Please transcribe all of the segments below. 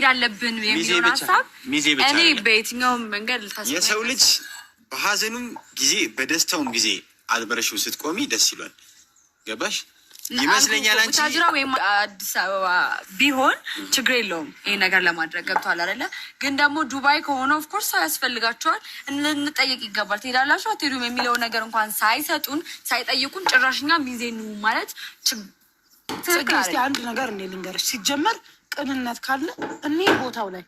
መሄድ አለብን የሚለውን ሀሳብ እኔ በየትኛውም መንገድ ልታስ የሰው ልጅ በሀዘኑም ጊዜ በደስታውም ጊዜ አብረሽው ስትቆሚ ደስ ይሏል። ገባሽ ይመስለኛል። አንቺ ታጅራ ወይም አዲስ አበባ ቢሆን ችግር የለውም ይህ ነገር ለማድረግ ገብቷል አይደለ? ግን ደግሞ ዱባይ ከሆነ ኦፍኮርስ ሰው ያስፈልጋቸዋል፣ እንጠየቅ ይገባል። ትሄዳላችሁ አትሄዱም የሚለው ነገር እንኳን ሳይሰጡን ሳይጠይቁን ጭራሽኛ ሚዜኑ ማለት አንድ ነገር እኔ ልንገርሽ ሲጀመር ቅንነት ካለ እኔ ቦታው ላይ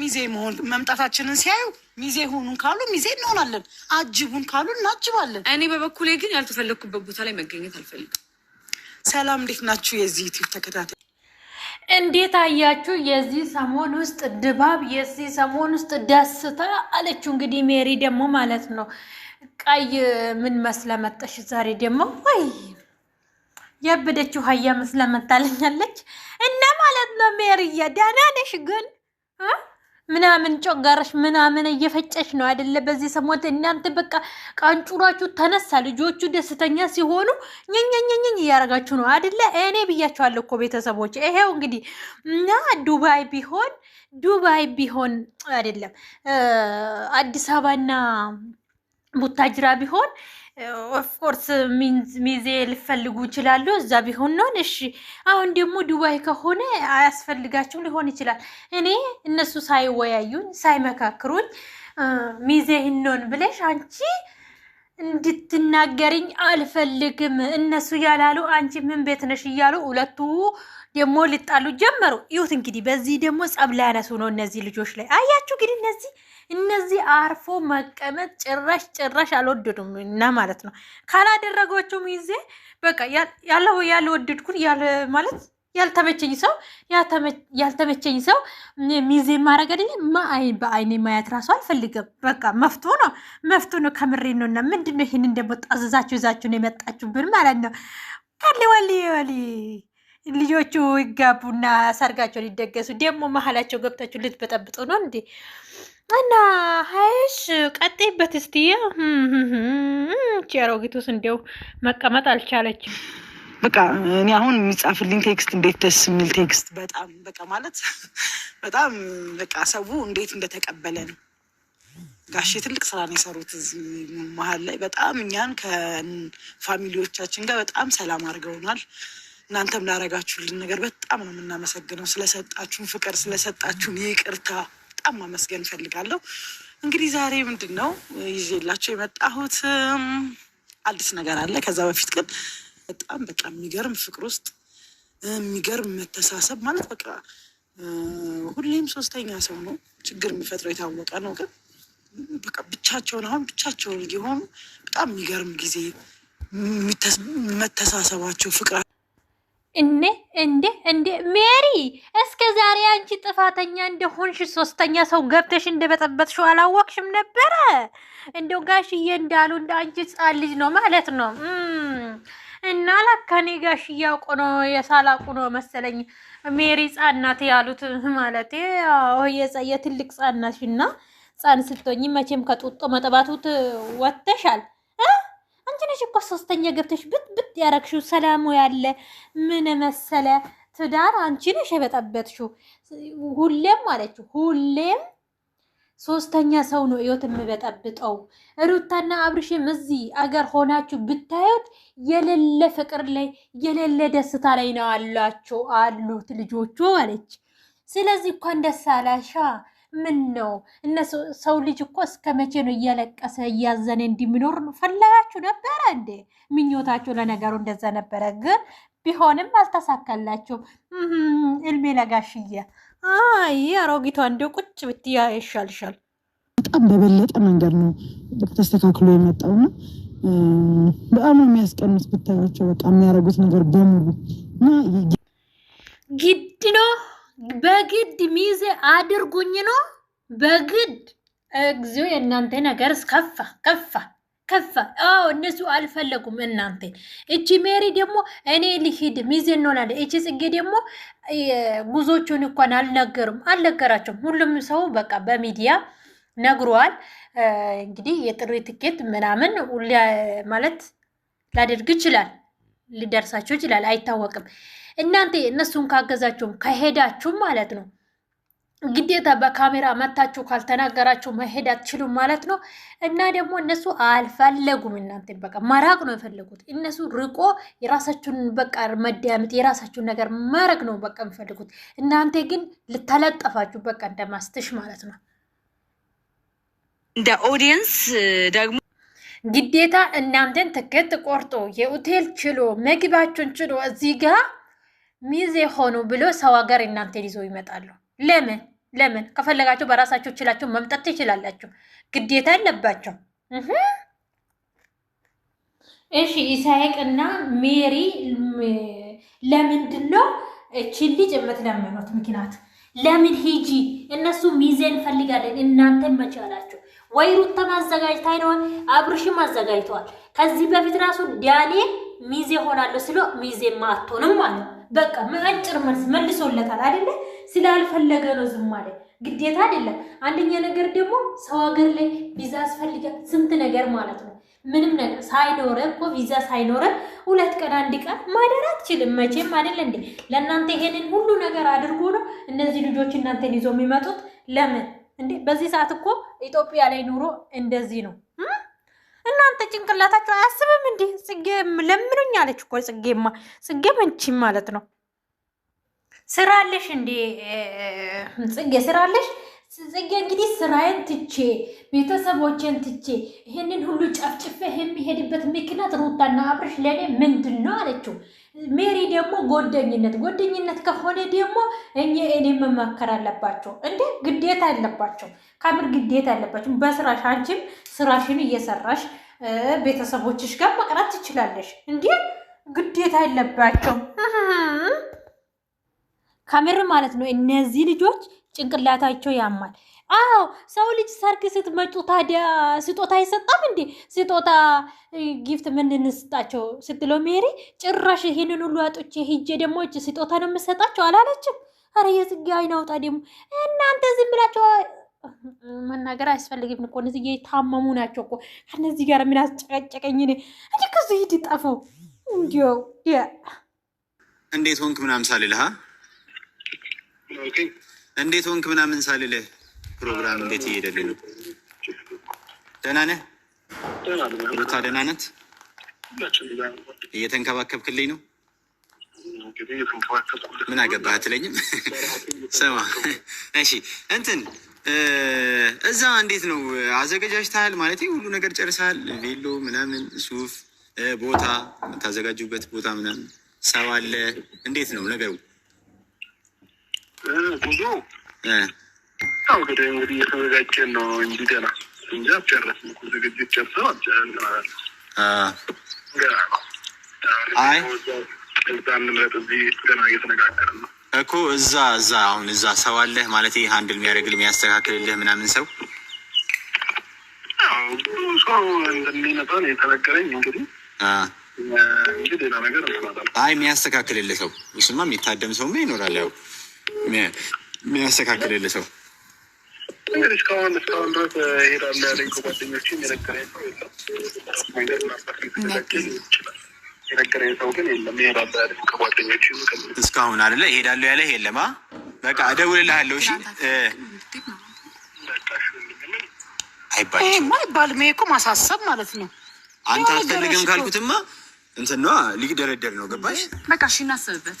ሚዜ መሆን መምጣታችንን ሲያዩ ሚዜ ሆኑን ካሉ ሚዜ እንሆናለን፣ አጅቡን ካሉ እናጅባለን። እኔ በበኩሌ ግን ያልተፈለግኩበት ቦታ ላይ መገኘት አልፈልግም። ሰላም፣ እንዴት ናችሁ የዚህ ዩቲዩብ ተከታታይ እንዴት አያችሁ? የዚህ ሰሞን ውስጥ ድባብ፣ የዚህ ሰሞን ውስጥ ደስታ አለችው። እንግዲህ ሜሪ ደግሞ ማለት ነው ቀይ ምን መስለመጠሽ ዛሬ ደግሞ ወይ ያበደችው ሀያ መስለመጣለኛለች። ሜሪያ ደህና ነሽ ግን ምናምን ጮጋረሽ ምናምን እየፈጨሽ ነው አይደለ? በዚህ ሰሞት እናንተ በቃ ቃንጩሯችሁ ተነሳ። ልጆቹ ደስተኛ ሲሆኑ ኝኝኝኝኝ እያረጋችሁ ነው አይደለ? እኔ ብያቸዋለሁ እኮ ቤተሰቦች። ይሄው እንግዲህ እና ዱባይ ቢሆን ዱባይ ቢሆን አይደለም አዲስ አበባና ቡታጅራ ቢሆን ኦፍኮርስ ሚዜ ልፈልጉ ይችላሉ። እዛ ቢሆን ነውን? እሺ። አሁን ደግሞ ዱባይ ከሆነ አያስፈልጋቸውም ሊሆን ይችላል። እኔ እነሱ ሳይወያዩኝ ሳይመካክሩኝ ሚዜ ህኖን ብለሽ አንቺ እንድትናገርኝ አልፈልግም። እነሱ ያላሉ አንቺ ምን ቤት ነሽ እያሉ ሁለቱ ደግሞ ሊጣሉ ጀመሩ። ይሁት እንግዲህ በዚህ ደግሞ ጸብ ሊያነሱ ነው እነዚህ ልጆች ላይ አያችሁ እንግዲህ እነዚህ እነዚህ አርፎ መቀመጥ ጭራሽ ጭራሽ አልወደዱም እና ማለት ነው። ካላደረጓቸውም ጊዜ በቃ ያለው ያልወደድኩን ያለ ማለት ያልተመቸኝ ሰው ያልተመቸኝ ሰው ሚዜ ማድረግ አይደለም። ማአይን በአይኔ ማየት ራሱ አልፈልግም። በቃ መፍቶ ነው መፍቶ ነው ከምሬ ነው። እና ምንድን ነው ይህንን ደግሞ ጣዘዛችሁ ይዛችሁ ነው የመጣችሁብን ማለት ነው። ወሌ ወሌ ወሌ ልጆቹ ይጋቡና ሰርጋቸውን ይደገሱ ደግሞ መሀላቸው ገብታችሁ ልትበጠብጡ ነው እንዴ? እና ሀይሽ ቀጤበት እስቲ ቸሮጊቱስ እንዲያው መቀመጥ አልቻለችም። በቃ እኔ አሁን የሚጻፍልኝ ቴክስት እንዴት ደስ የሚል ቴክስት በጣም በቃ ማለት በጣም በቃ ሰው እንዴት እንደተቀበለ ነው። ጋሼ ትልቅ ስራ ነው የሰሩት እዚህ መሀል ላይ በጣም እኛን ከፋሚሊዎቻችን ጋር በጣም ሰላም አድርገውናል። እናንተም ላደረጋችሁልን ነገር በጣም ነው የምናመሰግነው። ስለሰጣችሁን ፍቅር፣ ስለሰጣችሁን ይቅርታ በጣም ማመስገን እፈልጋለሁ። እንግዲህ ዛሬ ምንድን ነው ይዤላቸው የመጣሁት አዲስ ነገር አለ። ከዛ በፊት ግን በጣም በቃ የሚገርም ፍቅር ውስጥ የሚገርም መተሳሰብ ማለት በቃ ሁሌም ሶስተኛ ሰው ነው ችግር የሚፈጥረው የታወቀ ነው። ግን በቃ ብቻቸውን አሁን ብቻቸውን የሆኑ በጣም የሚገርም ጊዜ መተሳሰባቸው ፍቅራ እነ እንዴ እንዴ ሜሪ እስከ ዛሬ አንቺ ጥፋተኛ እንደሆንሽ ሶስተኛ ሰው ገብተሽ እንደበጠበጥሽው አላወቅሽም ነበረ። እንደው ጋሽዬ እንዳሉ እንደ አንቺ ጻ ልጅ ነው ማለት ነው። እና ለካ ጋሽ እያውቁ አውቆ ነው የሳላቁ ነው መሰለኝ ሜሪ ጻናት ያሉት ማለት ያው የትልቅ ጻናሽ እና ጻን ስትሆኚ መቼም ከጡጦ መጠባቱት ወጥተሻል። አንቺ ነሽ እኮ ሶስተኛ ገብተሽ ብት ብት ያረግሽው። ሰላሙ ያለ ምን መሰለ ትዳር አንቺ ነሽ የበጠበጥሽው። ሁሌም አለችው ሁሌም ሶስተኛ ሰው ነው ህይወት የምበጠብጠው። ሩታና አብርሽም እዚህ አገር ሆናችሁ ብታዩት የሌለ ፍቅር ላይ የሌለ ደስታ ላይ ነው አሏቸው አሉት ልጆቹ አለች። ስለዚህ እንኳን ደስ አላሻ ምን ነው እነ ሰው ልጅ እኮ እስከ መቼ ነው እያለቀሰ እያዘነ እንዲሚኖር ፈለጋችሁ ነበረ እንዴ? ምኞታችሁ ለነገሩ እንደዛ ነበረ፣ ግን ቢሆንም አልተሳካላችሁም። እልሜ ለጋሽዬ አይ አሮጊቷ እንዲ ቁጭ ብትያ ይሻልሻል። በጣም በበለጠ መንገድ ነው ተስተካክሎ የመጣውና በጣም የሚያስቀንስ ብታያቸው በቃ የሚያደርጉት ነገር በሙሉ ግድ ነው። በግድ ሚዜ አድርጉኝ ነው በግድ እግዚኦ የእናንተ ነገር ከፋ ከፋ ከፋ። አዎ እነሱ አልፈለጉም እናንተ። እቺ ሜሪ ደግሞ እኔ ልሂድ ሚዜ እንሆናለን። እቺ ጽጌ ደግሞ ጉዞቹን እንኳን አልነገሩም አልነገራቸውም። ሁሉም ሰው በቃ በሚዲያ ነግሯል። እንግዲህ የጥሪ ትኬት ምናምን ማለት ላደርግ ይችላል፣ ሊደርሳቸው ይችላል፣ አይታወቅም። እናንተ እነሱን ካገዛችሁም ከሄዳችሁ ማለት ነው ግዴታ በካሜራ መታችሁ ካልተናገራችሁ መሄድ አትችሉም ማለት ነው። እና ደግሞ እነሱ አልፈለጉም፣ እናንተ በቃ መራቅ ነው የፈለጉት። እነሱ ርቆ የራሳችሁን በቃ መዳመጥ፣ የራሳችሁን ነገር መረቅ ነው በቃ የሚፈልጉት። እናንተ ግን ልተለጠፋችሁ በቃ እንደማስትሽ ማለት ነው። እንደ ኦዲየንስ ደግሞ ግዴታ እናንተን ትኬት ቆርጦ የሆቴል ችሎ መግባችሁን ችሎ እዚህ ጋር ሚዜ ሆኑ ብሎ ሰው ሀገር እናንተን ይዘው ይመጣሉ። ለምን ለምን? ከፈለጋችሁ በራሳችሁ ችላችሁ መምጣት ትችላላችሁ። ግዴታ አለባቸው። እሺ ኢሳያቅ እና ሜሪ ለምንድን ነው እቺ ልጅ የምትለምኑት? ምክንያት ለምን ሂጂ? እነሱ ሚዜ እንፈልጋለን እናንተን መቻላችሁ ወይ ሩተም አዘጋጅታ ይነዋል፣ አብርሽም አዘጋጅተዋል። ከዚህ በፊት ራሱ ዳኔ ሚዜ ሆናለሁ ስለ ሚዜ ማቶንም ማለት በቃ አጭር መልስ መልሶለታል አይደለ? ስላልፈለገ ነው ዝም አለ። ግዴታ አይደለም። አንደኛ ነገር ደግሞ ሰው ሀገር ላይ ቪዛ ያስፈልጋል፣ ስንት ነገር ማለት ነው። ምንም ነገር ሳይኖረ እኮ ቪዛ ሳይኖረ ሁለት ቀን አንድ ቀን ማደር አትችልም መቼም አይደለ እንዴ? ለእናንተ ይሄንን ሁሉ ነገር አድርጎ ነው እነዚህ ልጆች እናንተን ይዞ የሚመጡት። ለምን እንዴ? በዚህ ሰዓት እኮ ኢትዮጵያ ላይ ኑሮ እንደዚህ ነው። እናንተ ጭንቅላታችሁ አያስብም እንዴ? ጽጌ ለምኑኝ አለች እኮ ጽጌማ። ጽጌ መንቺ ማለት ነው ስራለሽ እንዴ ጽጌ ስራለሽ ጽጌ እንግዲህ ስራዬን ትቼ ቤተሰቦቼን ትቼ ይህንን ሁሉ ጨፍጭፌ የሚሄድበት ምክንያት ሩታና አብርሽ ለእኔ ምንድን ነው አለችው። ሜሪ ደግሞ ጎደኝነት ጎደኝነት ከሆነ ደግሞ እኔ እኔ መማከር አለባቸው እንደ ግዴታ አለባቸው፣ ከምር ግዴታ አለባቸው። በስራሽ አንቺም ስራሽን እየሰራሽ ቤተሰቦችሽ ጋር መቅረት ትችላለሽ። እንዲ ግዴታ አለባቸው ከምር ማለት ነው እነዚህ ልጆች ጭንቅላታቸው ያማል። አዎ ሰው ልጅ ሰርግ ስትመጡ ታዲያ ስጦታ አይሰጣም እንዴ? ስጦታ ጊፍት ምን እንስጣቸው ስትለው ሜሪ ጭራሽ ይሄንን ሁሉ አጦቼ ሂጄ ደግሞ እጅ ስጦታ ነው የምሰጣቸው አላለችም። አረ የጽጌ አይን አውጣ ደግሞ እናንተ ዝም ብላቸው መናገር አያስፈልግም እኮ እነዚህ የታመሙ ናቸው እኮ ከነዚህ ጋር ምን አስጨቀጨቀኝ እኔ እ ከዙ ሂድ ጠፈው እንዲው እንዴት ሆንክ ምናምን ሳልልሃ እንዴት ሆንክ ምናምን ሳልልህ ፕሮግራም እንዴት እየሄደልህ ነው? ደህና ነህ? ሩታ ደህና ናት? እየተንከባከብክልኝ ነው? ምን አገባህ አትለኝም? ስማ እሺ፣ እንትን እዛ እንዴት ነው አዘገጃጅተሃል? ማለት ሁሉ ነገር ጨርሰሃል? ቬሎ ምናምን፣ ሱፍ፣ ቦታ የምታዘጋጁበት ቦታ ምናምን ሰው አለ? እንዴት ነው ነገሩ? ጉዞ ያው እንግዲህ እንግዲህ እየተዘጋጀን ነው እንጂ ገና እንጂ አልጨረስንም። ዝግጅት ጨርሰው እኮ እዛ እዛ አሁን እዛ ሰው አለህ ማለት ሀንድል የሚያደርግልህ የሚያስተካክልልህ ምናምን ሰው አይ የሚያስተካክልልህ ሰው እሱማ የሚታደም ሰውማ ይኖራል ያው የሚያስተካክል ሰው እንግዲህ እስካሁን እስካሁን ድረስ ሄዳለ ያለኝ ከጓደኞች የነገረኝ ሰው ግን የለም። ሄዳለ ያለኝ ከጓደኞች እስካሁን አለ ሄዳለሁ ያለ የለማ። በቃ እደውልልሃለሁ። እሺ አይባልም አይባልም። ይሄ እኮ ማሳሰብ ማለት ነው። አንተ አልፈልግም ካልኩትማ እንትን ነዋ ሊደረደር ነው። ገባሽ? በቃ እሺ እናስብበት።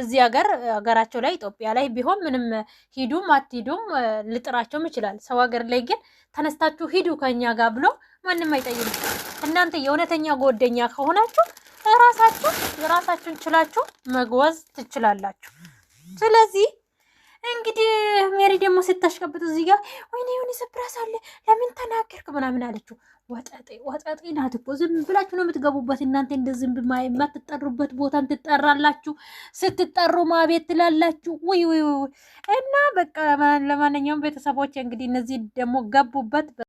እዚህ ሀገር ሀገራቸው ላይ ኢትዮጵያ ላይ ቢሆን ምንም ሂዱም አትሂዱም ልጥራቸውም ይችላል። ሰው ሀገር ላይ ግን ተነስታችሁ ሂዱ ከኛ ጋር ብሎ ማንም አይጠይም። እናንተ የእውነተኛ ጓደኛ ከሆናችሁ ራሳችሁ ራሳችሁን ችላችሁ መጓዝ ትችላላችሁ። ስለዚህ እንግዲህ ሜሪ ደግሞ ስታሽቀብጥ እዚህ ጋር ወይኔ የሆነ ስፕራስ አለ ለምን ተናገርክ ምናምን አለችው። ወጠጤ ወጠጤ ናት እኮ ዝም ብላችሁ ነው የምትገቡበት እናንተ። እንደ ዝንብ የማትጠሩበት ቦታ ትጠራላችሁ፣ ስትጠሩ ማቤት ትላላችሁ። ውይ ውይ እና በቃ ለማንኛውም ቤተሰቦች እንግዲህ እነዚህ ደግሞ ገቡበት።